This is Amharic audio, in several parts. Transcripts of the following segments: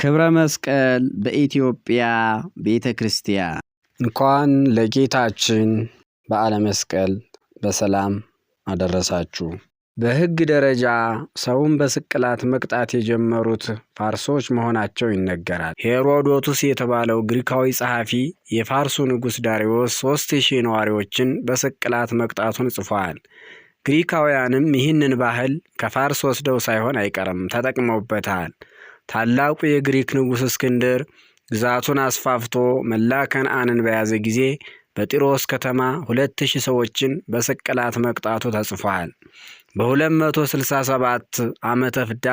ክብረ መስቀል በኢትዮጵያ ቤተ ክርስቲያን እንኳን ለጌታችን በዓለ መስቀል በሰላም አደረሳችሁ። በሕግ ደረጃ ሰውን በስቅላት መቅጣት የጀመሩት ፋርሶች መሆናቸው ይነገራል። ሄሮዶቱስ የተባለው ግሪካዊ ጸሐፊ የፋርሱ ንጉሥ ዳሪዎስ ሦስት ሺህ ነዋሪዎችን በስቅላት መቅጣቱን ጽፏል። ግሪካውያንም ይህንን ባህል ከፋርስ ወስደው ሳይሆን አይቀርም ተጠቅመውበታል። ታላቁ የግሪክ ንጉሥ እስክንድር ግዛቱን አስፋፍቶ መላ ከነዓንን በያዘ ጊዜ በጢሮስ ከተማ ሁለት ሺህ ሰዎችን በስቅላት መቅጣቱ ተጽፏል። በ267 ዓመተ ፍዳ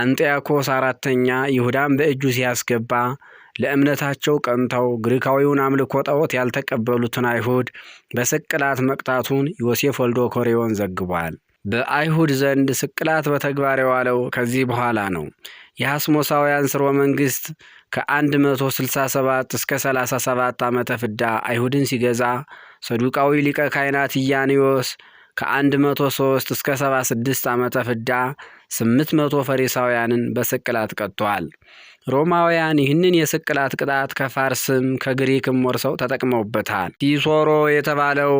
አንጢያኮስ አራተኛ ይሁዳን በእጁ ሲያስገባ ለእምነታቸው ቀንተው ግሪካዊውን አምልኮ ጣዖት ያልተቀበሉትን አይሁድ በስቅላት መቅጣቱን ዮሴፍ ወልዶ ኮሪዮን ዘግቧል። በአይሁድ ዘንድ ስቅላት በተግባር የዋለው ከዚህ በኋላ ነው። የሐስሞሳውያን ስርወ መንግሥት ከ167 እስከ 37 ዓመተ ፍዳ አይሁድን ሲገዛ ሰዱቃዊ ሊቀ ካይናት ኢያኒዮስ ከ103 እስከ 76 ዓመተ ፍዳ 800 ፈሪሳውያንን በስቅላት ቀጥቷል። ሮማውያን ይህንን የስቅላት ቅጣት ከፋርስም ከግሪክም ወርሰው ተጠቅመውበታል። ሲሶሮ የተባለው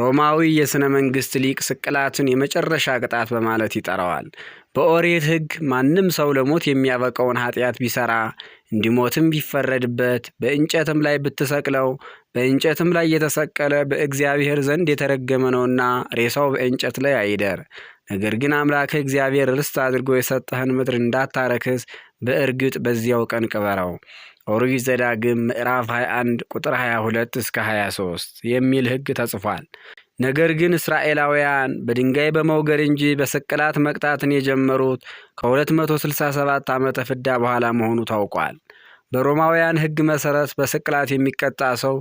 ሮማዊ የሥነ መንግሥት ሊቅ ስቅላትን የመጨረሻ ቅጣት በማለት ይጠራዋል። በኦሪት ሕግ ማንም ሰው ለሞት የሚያበቃውን ኃጢአት ቢሰራ እንዲሞትም ቢፈረድበት በእንጨትም ላይ ብትሰቅለው በእንጨትም ላይ የተሰቀለ በእግዚአብሔር ዘንድ የተረገመ ነውና ሬሳው በእንጨት ላይ አይደር። ነገር ግን አምላክህ እግዚአብሔር ርስት አድርጎ የሰጠህን ምድር እንዳታረክስ በእርግጥ በዚያው ቀን ቅበረው። ኦሪት ዘዳግም ምዕራፍ 21 ቁጥር 22 እስከ 23 የሚል ሕግ ተጽፏል። ነገር ግን እስራኤላውያን በድንጋይ በመውገር እንጂ በስቅላት መቅጣትን የጀመሩት ከ267 ዓመተ ፍዳ በኋላ መሆኑ ታውቋል። በሮማውያን ሕግ መሠረት በስቅላት የሚቀጣ ሰው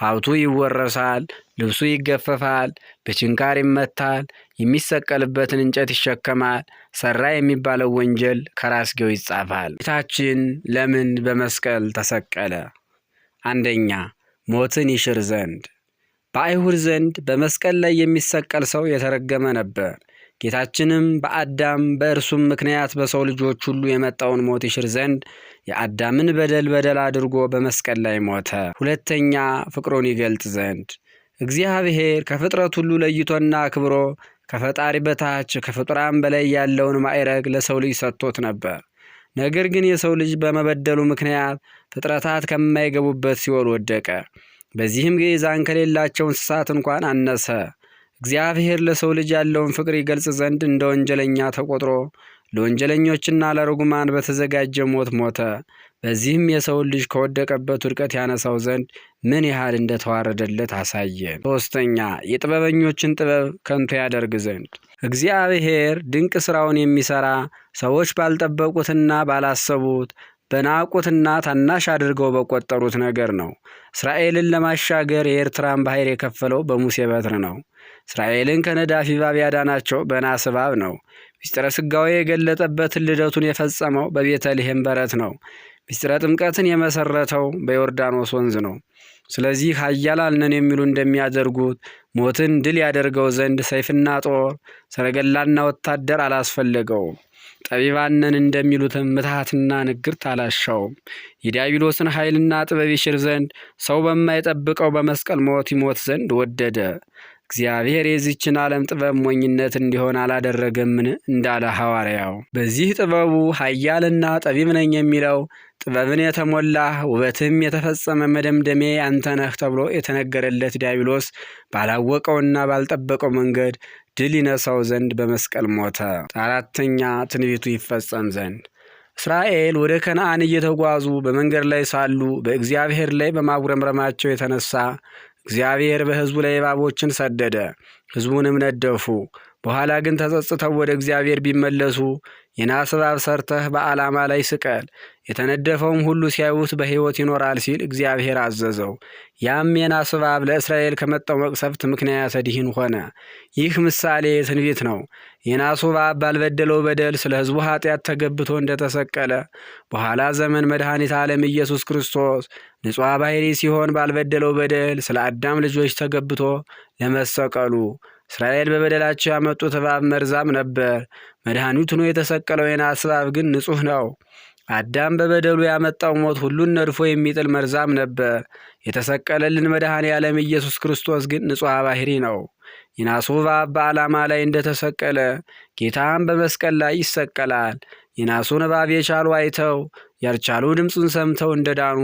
ሀብቱ ይወረሳል፣ ልብሱ ይገፈፋል፣ በችንካር ይመታል፣ የሚሰቀልበትን እንጨት ይሸከማል፣ ሰራ የሚባለው ወንጀል ከራስጌው ይጻፋል። ጌታችን ለምን በመስቀል ተሰቀለ? አንደኛ ሞትን ይሽር ዘንድ። በአይሁድ ዘንድ በመስቀል ላይ የሚሰቀል ሰው የተረገመ ነበር። ጌታችንም በአዳም በእርሱም ምክንያት በሰው ልጆች ሁሉ የመጣውን ሞት ይሽር ዘንድ የአዳምን በደል በደል አድርጎ በመስቀል ላይ ሞተ። ሁለተኛ ፍቅሩን ይገልጥ ዘንድ እግዚአብሔር ከፍጥረት ሁሉ ለይቶና አክብሮ ከፈጣሪ በታች ከፍጡራን በላይ ያለውን ማዕረግ ለሰው ልጅ ሰጥቶት ነበር። ነገር ግን የሰው ልጅ በመበደሉ ምክንያት ፍጥረታት ከማይገቡበት ሲኦል ወደቀ። በዚህም ጌዛን ከሌላቸው እንስሳት እንኳን አነሰ። እግዚአብሔር ለሰው ልጅ ያለውን ፍቅር ይገልጽ ዘንድ እንደ ወንጀለኛ ተቆጥሮ ለወንጀለኞችና ለርጉማን በተዘጋጀ ሞት ሞተ። በዚህም የሰውን ልጅ ከወደቀበት ውድቀት ያነሳው ዘንድ ምን ያህል እንደተዋረደለት አሳየ። ሶስተኛ የጥበበኞችን ጥበብ ከንቱ ያደርግ ዘንድ እግዚአብሔር ድንቅ ስራውን የሚሰራ ሰዎች ባልጠበቁትና ባላሰቡት በናቁትና ታናሽ አድርገው በቆጠሩት ነገር ነው። እስራኤልን ለማሻገር የኤርትራን ባሕር የከፈለው በሙሴ በትር ነው። እስራኤልን ከነዳፊ እባብ ያዳናቸው በናስ እባብ ነው። ምስጢረ ሥጋዌ የገለጠበትን ልደቱን የፈጸመው በቤተልሔም በረት ነው። ምስጢረ ጥምቀትን የመሰረተው በዮርዳኖስ ወንዝ ነው። ስለዚህ ኃያላን ነን የሚሉ እንደሚያደርጉት ሞትን ድል ያደርገው ዘንድ ሰይፍና ጦር፣ ሰረገላና ወታደር አላስፈለገውም። ጠቢባን ነን እንደሚሉትም ምትሃትና ንግርት አላሻውም። የዲያብሎስን ኃይልና ጥበብ ይሽር ዘንድ ሰው በማይጠብቀው በመስቀል ሞት ይሞት ዘንድ ወደደ። እግዚአብሔር የዚችን ዓለም ጥበብ ሞኝነት እንዲሆን አላደረገምን እንዳለ ሐዋርያው። በዚህ ጥበቡ ኃያልና ጠቢብ ነኝ የሚለው ጥበብን የተሞላ ውበትም የተፈጸመ መደምደሜ አንተነህ ተብሎ የተነገረለት ዲያብሎስ ባላወቀውና ባልጠበቀው መንገድ ድል ይነሳው ዘንድ በመስቀል ሞተ። አራተኛ ትንቢቱ ይፈጸም ዘንድ እስራኤል ወደ ከነአን እየተጓዙ በመንገድ ላይ ሳሉ በእግዚአብሔር ላይ በማጉረምረማቸው የተነሳ እግዚአብሔር በሕዝቡ ላይ እባቦችን ሰደደ፣ ሕዝቡንም ነደፉ። በኋላ ግን ተጸጽተው ወደ እግዚአብሔር ቢመለሱ የናስ እባብ ሰርተህ በዓላማ ላይ ስቀል፣ የተነደፈውም ሁሉ ሲያዩት በሕይወት ይኖራል ሲል እግዚአብሔር አዘዘው። ያም የናስ እባብ ለእስራኤል ከመጣው መቅሰፍት ምክንያተ ድኅን ሆነ። ይህ ምሳሌ ትንቢት ነው። የናሱ እባብ ባልበደለው በደል ስለ ሕዝቡ ኃጢአት ተገብቶ እንደተሰቀለ በኋላ ዘመን መድኃኒት ዓለም ኢየሱስ ክርስቶስ ንጹሐ ባሕሪ ሲሆን ባልበደለው በደል ስለ አዳም ልጆች ተገብቶ ለመሰቀሉ እስራኤል በበደላቸው ያመጡት እባብ መርዛም ነበር። መድኃኒት ሆኖ የተሰቀለው የናስ እባብ ግን ንጹሕ ነው። አዳም በበደሉ ያመጣው ሞት ሁሉን ነድፎ የሚጥል መርዛም ነበር። የተሰቀለልን መድኃኔ ዓለም ኢየሱስ ክርስቶስ ግን ንጹሕ ባህሪ ነው። የናሱ እባብ በዓላማ ላይ እንደተሰቀለ ጌታም በመስቀል ላይ ይሰቀላል። የናሱን እባብ የቻሉ አይተው ያልቻሉ ድምፁን ሰምተው እንደዳኑ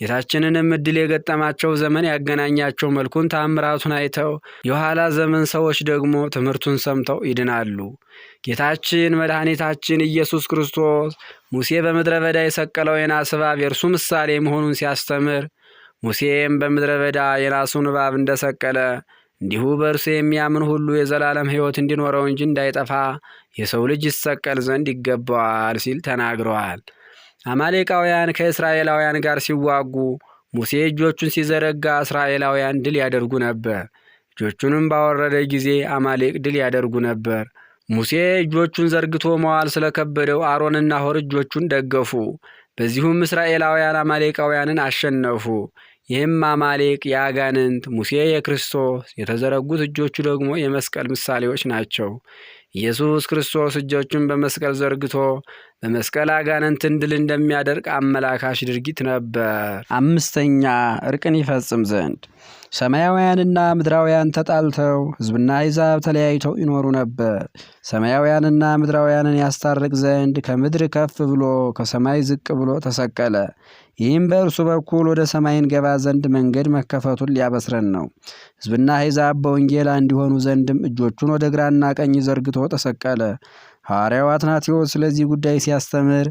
ጌታችንንም እድል የገጠማቸው ዘመን ያገናኛቸው መልኩን ታምራቱን አይተው የኋላ ዘመን ሰዎች ደግሞ ትምህርቱን ሰምተው ይድናሉ። ጌታችን መድኃኒታችን ኢየሱስ ክርስቶስ ሙሴ በምድረ በዳ የሰቀለው የናስ እባብ የእርሱ ምሳሌ መሆኑን ሲያስተምር ሙሴም በምድረ በዳ የናሱን እባብ እንደሰቀለ እንዲሁ በእርሱ የሚያምን ሁሉ የዘላለም ሕይወት እንዲኖረው እንጂ እንዳይጠፋ የሰው ልጅ ይሰቀል ዘንድ ይገባዋል ሲል ተናግረዋል። አማሌቃውያን ከእስራኤላውያን ጋር ሲዋጉ ሙሴ እጆቹን ሲዘረጋ እስራኤላውያን ድል ያደርጉ ነበር። እጆቹንም ባወረደ ጊዜ አማሌቅ ድል ያደርጉ ነበር። ሙሴ እጆቹን ዘርግቶ መዋል ስለከበደው አሮንና ሆር እጆቹን ደገፉ። በዚሁም እስራኤላውያን አማሌቃውያንን አሸነፉ። ይህም አማሌቅ የአጋንንት፣ ሙሴ የክርስቶስ፣ የተዘረጉት እጆቹ ደግሞ የመስቀል ምሳሌዎች ናቸው። ኢየሱስ ክርስቶስ እጆቹን በመስቀል ዘርግቶ በመስቀል አጋንንትን ድል እንደሚያደርግ አመላካሽ ድርጊት ነበር። አምስተኛ እርቅን ይፈጽም ዘንድ ሰማያውያንና ምድራውያን ተጣልተው ሕዝብና አሕዛብ ተለያይተው ይኖሩ ነበር። ሰማያውያንና ምድራውያንን ያስታርቅ ዘንድ ከምድር ከፍ ብሎ ከሰማይ ዝቅ ብሎ ተሰቀለ። ይህም በእርሱ በኩል ወደ ሰማይ እንገባ ዘንድ መንገድ መከፈቱን ሊያበስረን ነው። ሕዝብና አሕዛብ በወንጌል እንዲሆኑ ዘንድም እጆቹን ወደ ግራና ቀኝ ዘርግቶ ተሰቀለ። ሐዋርያው አትናቴዎስ ስለዚህ ጉዳይ ሲያስተምር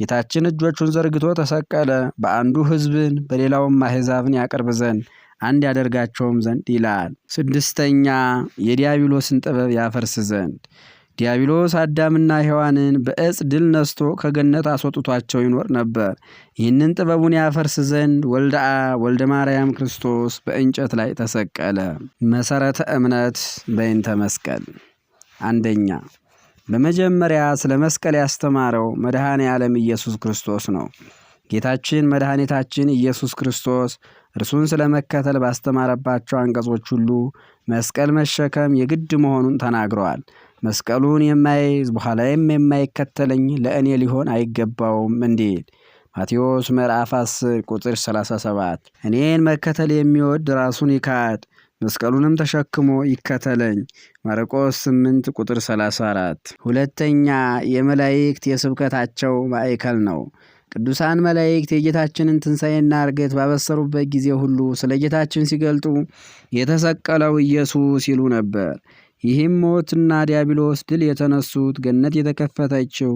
ጌታችን እጆቹን ዘርግቶ ተሰቀለ፣ በአንዱ ሕዝብን በሌላውም አሕዛብን ያቀርብ ዘንድ አንድ ያደርጋቸውም ዘንድ ይላል። ስድስተኛ የዲያብሎስን ጥበብ ያፈርስ ዘንድ ዲያብሎስ አዳምና ሔዋንን በእጽ ድል ነስቶ ከገነት አስወጥቷቸው ይኖር ነበር። ይህንን ጥበቡን ያፈርስ ዘንድ ወልደ ወልደ ማርያም ክርስቶስ በእንጨት ላይ ተሰቀለ። መሰረተ እምነት በይንተ መስቀል አንደኛ በመጀመሪያ ስለ መስቀል ያስተማረው መድኃኔ ዓለም ኢየሱስ ክርስቶስ ነው። ጌታችን መድኃኒታችን ኢየሱስ ክርስቶስ እርሱን ስለ መከተል ባስተማረባቸው አንቀጾች ሁሉ መስቀል መሸከም የግድ መሆኑን ተናግረዋል። መስቀሉን የማይዝ በኋላይም የማይከተለኝ ለእኔ ሊሆን አይገባውም እንዲል ማቴዎስ ምዕራፍ 10 ቁጥር 37። እኔን መከተል የሚወድ ራሱን ይካድ መስቀሉንም ተሸክሞ ይከተለኝ። ማርቆስ 8 ቁጥር 34። ሁለተኛ የመላእክት የስብከታቸው ማዕከል ነው። ቅዱሳን መላእክት የጌታችንን ትንሣኤና እርገት ባበሰሩበት ጊዜ ሁሉ ስለ ጌታችን ሲገልጡ የተሰቀለው ኢየሱስ ይሉ ነበር። ይህም ሞትና ዲያብሎስ ድል የተነሱት ገነት የተከፈተችው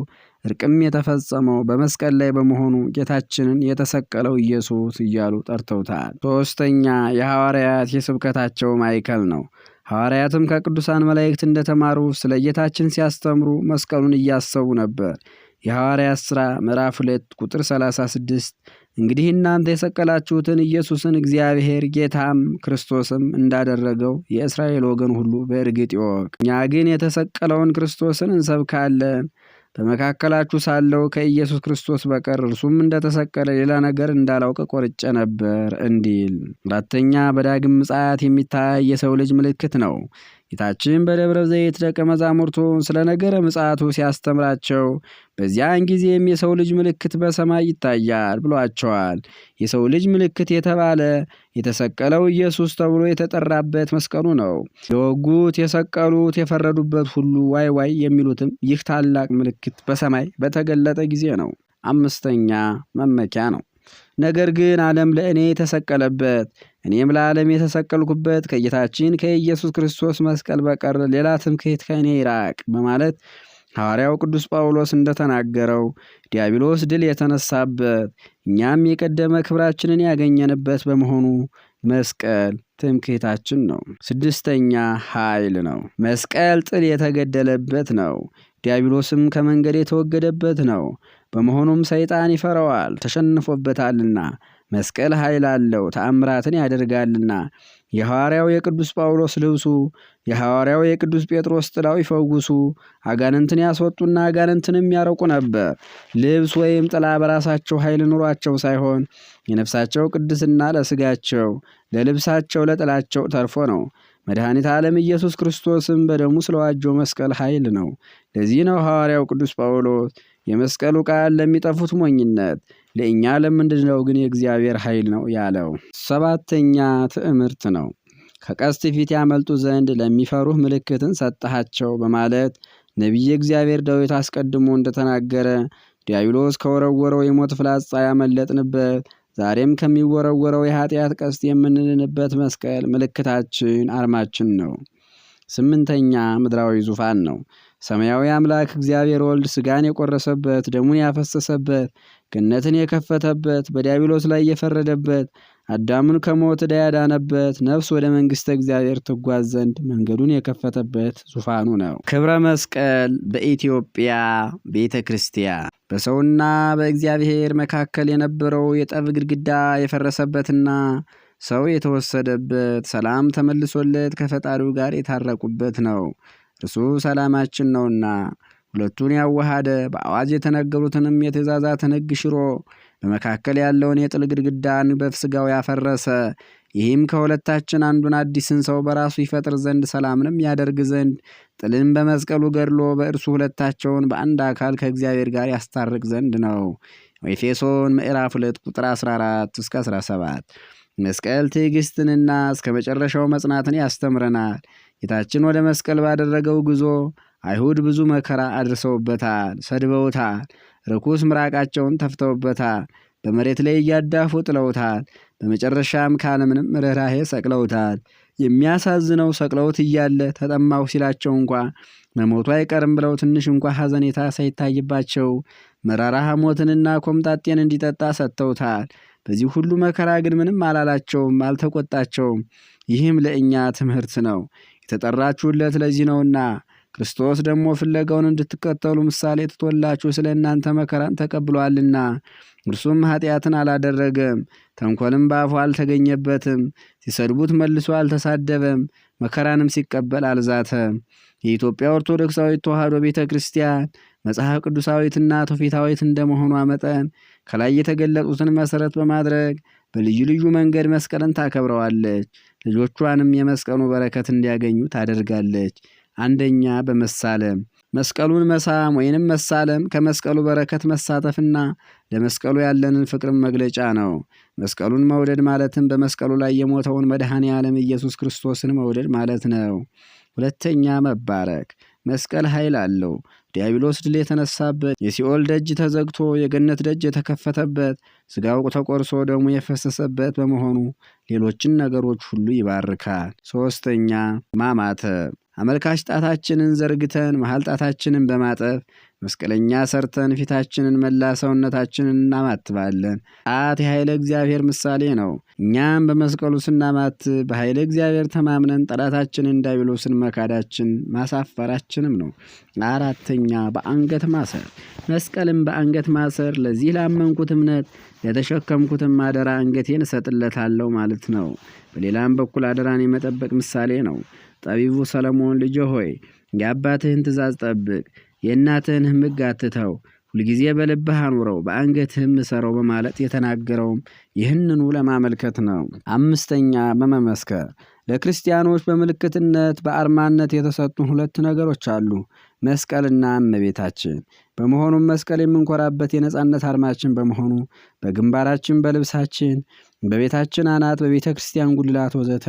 እርቅም የተፈጸመው በመስቀል ላይ በመሆኑ ጌታችንን የተሰቀለው ኢየሱስ እያሉ ጠርተውታል። ሦስተኛ የሐዋርያት የስብከታቸው ማዕከል ነው። ሐዋርያትም ከቅዱሳን መላእክት እንደተማሩ ስለ ጌታችን ሲያስተምሩ መስቀሉን እያሰቡ ነበር። የሐዋርያት ሥራ ምዕራፍ 2 ቁጥር 36 እንግዲህ እናንተ የሰቀላችሁትን ኢየሱስን እግዚአብሔር ጌታም ክርስቶስም እንዳደረገው የእስራኤል ወገን ሁሉ በእርግጥ ይወቅ። እኛ ግን የተሰቀለውን ክርስቶስን እንሰብካለን በመካከላችሁ ሳለው ከኢየሱስ ክርስቶስ በቀር እርሱም እንደተሰቀለ ሌላ ነገር እንዳላውቅ ቆርጬ ነበር እንዲል። አራተኛ በዳግም ምጽአት የሚታይ የሰው ልጅ ምልክት ነው። ጌታችን በደብረ ዘይት ደቀ መዛሙርቱን ስለ ነገረ ምጽአቱ ሲያስተምራቸው በዚያን ጊዜም የሰው ልጅ ምልክት በሰማይ ይታያል ብሏቸዋል። የሰው ልጅ ምልክት የተባለ የተሰቀለው ኢየሱስ ተብሎ የተጠራበት መስቀሉ ነው። የወጉት፣ የሰቀሉት፣ የፈረዱበት ሁሉ ዋይ ዋይ የሚሉትም ይህ ታላቅ ምልክት በሰማይ በተገለጠ ጊዜ ነው። አምስተኛ መመኪያ ነው። ነገር ግን ዓለም ለእኔ ተሰቀለበት፣ እኔም ለዓለም የተሰቀልኩበት ከጌታችን ከኢየሱስ ክርስቶስ መስቀል በቀር ሌላ ትምክህት ከእኔ ይራቅ በማለት ሐዋርያው ቅዱስ ጳውሎስ እንደተናገረው ዲያብሎስ ድል የተነሳበት እኛም የቀደመ ክብራችንን ያገኘንበት በመሆኑ መስቀል ትምክህታችን ነው። ስድስተኛ ኃይል ነው። መስቀል ጥል የተገደለበት ነው። ዲያብሎስም ከመንገድ የተወገደበት ነው። በመሆኑም ሰይጣን ይፈራዋል ተሸንፎበታልና፣ መስቀል ኃይል አለው ተአምራትን ያደርጋልና። የሐዋርያው የቅዱስ ጳውሎስ ልብሱ፣ የሐዋርያው የቅዱስ ጴጥሮስ ጥላው ይፈውሱ፣ አጋንንትን ያስወጡና አጋንንትንም ያረቁ ነበር። ልብስ ወይም ጥላ በራሳቸው ኃይል ኑሯቸው ሳይሆን የነፍሳቸው ቅድስና ለስጋቸው ለልብሳቸው ለጥላቸው ተርፎ ነው። መድኃኒት ዓለም ኢየሱስ ክርስቶስም በደሙ ስለዋጀው መስቀል ኃይል ነው። ለዚህ ነው ሐዋርያው ቅዱስ ጳውሎስ የመስቀሉ ቃል ለሚጠፉት ሞኝነት፣ ለእኛ ለምንድነው ግን የእግዚአብሔር ኃይል ነው ያለው። ሰባተኛ ትዕምርት ነው። ከቀስት ፊት ያመልጡ ዘንድ ለሚፈሩህ ምልክትን ሰጠሃቸው በማለት ነቢየ እግዚአብሔር ዳዊት አስቀድሞ እንደተናገረ ዲያብሎስ ከወረወረው የሞት ፍላጻ ያመለጥንበት ዛሬም ከሚወረወረው የኃጢአት ቀስት የምንድንበት መስቀል ምልክታችን፣ አርማችን ነው። ስምንተኛ ምድራዊ ዙፋን ነው። ሰማያዊ አምላክ እግዚአብሔር ወልድ ስጋን የቆረሰበት፣ ደሙን ያፈሰሰበት፣ ገነትን የከፈተበት፣ በዲያብሎስ ላይ የፈረደበት አዳምን ከሞት ያዳነበት ነፍስ ወደ መንግስተ እግዚአብሔር ትጓዝ ዘንድ መንገዱን የከፈተበት ዙፋኑ ነው። ክብረ መስቀል በኢትዮጵያ ቤተ ክርስቲያን በሰውና በእግዚአብሔር መካከል የነበረው የጠብ ግድግዳ የፈረሰበትና ሰው የተወሰደበት ሰላም ተመልሶለት ከፈጣሪው ጋር የታረቁበት ነው። እርሱ ሰላማችን ነውና ሁለቱን ያዋሃደ በአዋጅ የተነገሩትንም የትእዛዛትን ሕግ ሽሮ በመካከል ያለውን የጥል ግድግዳን በስጋው ያፈረሰ ይህም ከሁለታችን አንዱን አዲስን ሰው በራሱ ይፈጥር ዘንድ ሰላምንም ያደርግ ዘንድ ጥልን በመስቀሉ ገድሎ በእርሱ ሁለታቸውን በአንድ አካል ከእግዚአብሔር ጋር ያስታርቅ ዘንድ ነው። ኤፌሶን ምዕራፍ 2 ቁጥር 14 እስከ 17። መስቀል ትዕግስትንና እስከ መጨረሻው መጽናትን ያስተምረናል። ጌታችን ወደ መስቀል ባደረገው ጉዞ አይሁድ ብዙ መከራ አድርሰውበታል፣ ሰድበውታል። ርኩስ ምራቃቸውን ተፍተውበታል። በመሬት ላይ እያዳፉ ጥለውታል። በመጨረሻም ካለምንም ርኅራሄ ሰቅለውታል። የሚያሳዝነው ሰቅለውት እያለ ተጠማሁ ሲላቸው እንኳ መሞቱ አይቀርም ብለው ትንሽ እንኳ ሐዘኔታ ሳይታይባቸው መራራ ሐሞትንና ኮምጣጤን እንዲጠጣ ሰጥተውታል። በዚህ ሁሉ መከራ ግን ምንም አላላቸውም፣ አልተቆጣቸውም። ይህም ለእኛ ትምህርት ነው። የተጠራችሁለት ለዚህ ነውና ክርስቶስ ደግሞ ፍለጋውን እንድትከተሉ ምሳሌ ትቶላችሁ ስለ እናንተ መከራን ተቀብሏልና። እርሱም ኃጢአትን አላደረገም፣ ተንኮልም በአፉ አልተገኘበትም። ሲሰድቡት መልሶ አልተሳደበም፣ መከራንም ሲቀበል አልዛተም። የኢትዮጵያ ኦርቶዶክሳዊት ተዋሕዶ ቤተ ክርስቲያን መጽሐፍ ቅዱሳዊትና ትውፊታዊት እንደመሆኗ መጠን ከላይ የተገለጹትን መሰረት በማድረግ በልዩ ልዩ መንገድ መስቀልን ታከብረዋለች። ልጆቿንም የመስቀሉ በረከት እንዲያገኙ ታደርጋለች። አንደኛ በመሳለም መስቀሉን መሳም ወይንም መሳለም ከመስቀሉ በረከት መሳተፍና ለመስቀሉ ያለንን ፍቅርም መግለጫ ነው። መስቀሉን መውደድ ማለትም በመስቀሉ ላይ የሞተውን መድኃኔ ዓለም ኢየሱስ ክርስቶስን መውደድ ማለት ነው። ሁለተኛ መባረክ መስቀል ኃይል አለው። ዲያብሎስ ድል የተነሳበት የሲኦል ደጅ ተዘግቶ የገነት ደጅ የተከፈተበት ስጋው ተቆርሶ ደሙ የፈሰሰበት በመሆኑ ሌሎችን ነገሮች ሁሉ ይባርካል። ሶስተኛ ማማተብ አመልካች ጣታችንን ዘርግተን መሀል ጣታችንን በማጠብ መስቀለኛ ሰርተን ፊታችንን መላ ሰውነታችንን እናማትባለን። ጣት የኃይለ እግዚአብሔር ምሳሌ ነው። እኛም በመስቀሉ ስናማትብ በኃይለ እግዚአብሔር ተማምነን ጠላታችንን ዲያብሎስን መካዳችን ማሳፈራችንም ነው። አራተኛ በአንገት ማሰር። መስቀልም በአንገት ማሰር ለዚህ ላመንኩት እምነት ለተሸከምኩትም አደራ አንገቴን እሰጥለታለሁ ማለት ነው። በሌላም በኩል አደራን የመጠበቅ ምሳሌ ነው። ጠቢቡ ሰለሞን ልጆ ሆይ የአባትህን ትእዛዝ ጠብቅ፣ የእናትህን ሕግ አትተው፣ ሁልጊዜ በልብህ አኑረው፣ በአንገትህም እሰረው በማለት የተናገረውም ይህንኑ ለማመልከት ነው። አምስተኛ በመመስከር ለክርስቲያኖች በምልክትነት በአርማነት የተሰጡን ሁለት ነገሮች አሉ፣ መስቀልና እመቤታችን። በመሆኑም መስቀል የምንኮራበት የነፃነት አርማችን በመሆኑ በግንባራችን በልብሳችን በቤታችን አናት፣ በቤተ ክርስቲያን ጉልላት ወዘተ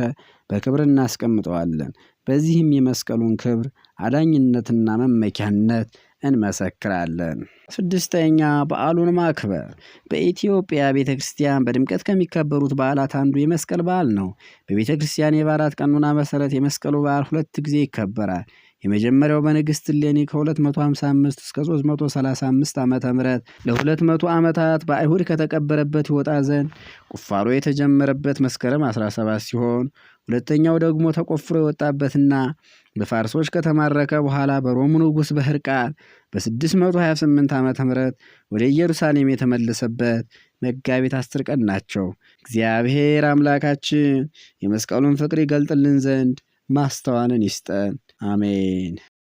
በክብር እናስቀምጠዋለን። በዚህም የመስቀሉን ክብር አዳኝነትና መመኪያነት እንመሰክራለን። ስድስተኛ በዓሉን ማክበር። በኢትዮጵያ ቤተ ክርስቲያን በድምቀት ከሚከበሩት በዓላት አንዱ የመስቀል በዓል ነው። በቤተ ክርስቲያን የበዓላት ቀኖና መሰረት የመስቀሉ በዓል ሁለት ጊዜ ይከበራል። የመጀመሪያው በንግሥት እሌኒ ከ255 እስከ 335 ዓ ም ለ200 ዓመታት በአይሁድ ከተቀበረበት ይወጣ ዘንድ ቁፋሮ የተጀመረበት መስከረም 17 ሲሆን ሁለተኛው ደግሞ ተቆፍሮ የወጣበትና በፋርሶች ከተማረከ በኋላ በሮሙ ንጉሥ በሕርቃል በ628 ዓ ም ወደ ኢየሩሳሌም የተመለሰበት መጋቢት አስር ቀን ናቸው። እግዚአብሔር አምላካችን የመስቀሉን ፍቅር ይገልጥልን ዘንድ ማስተዋልን ይስጠን። Amen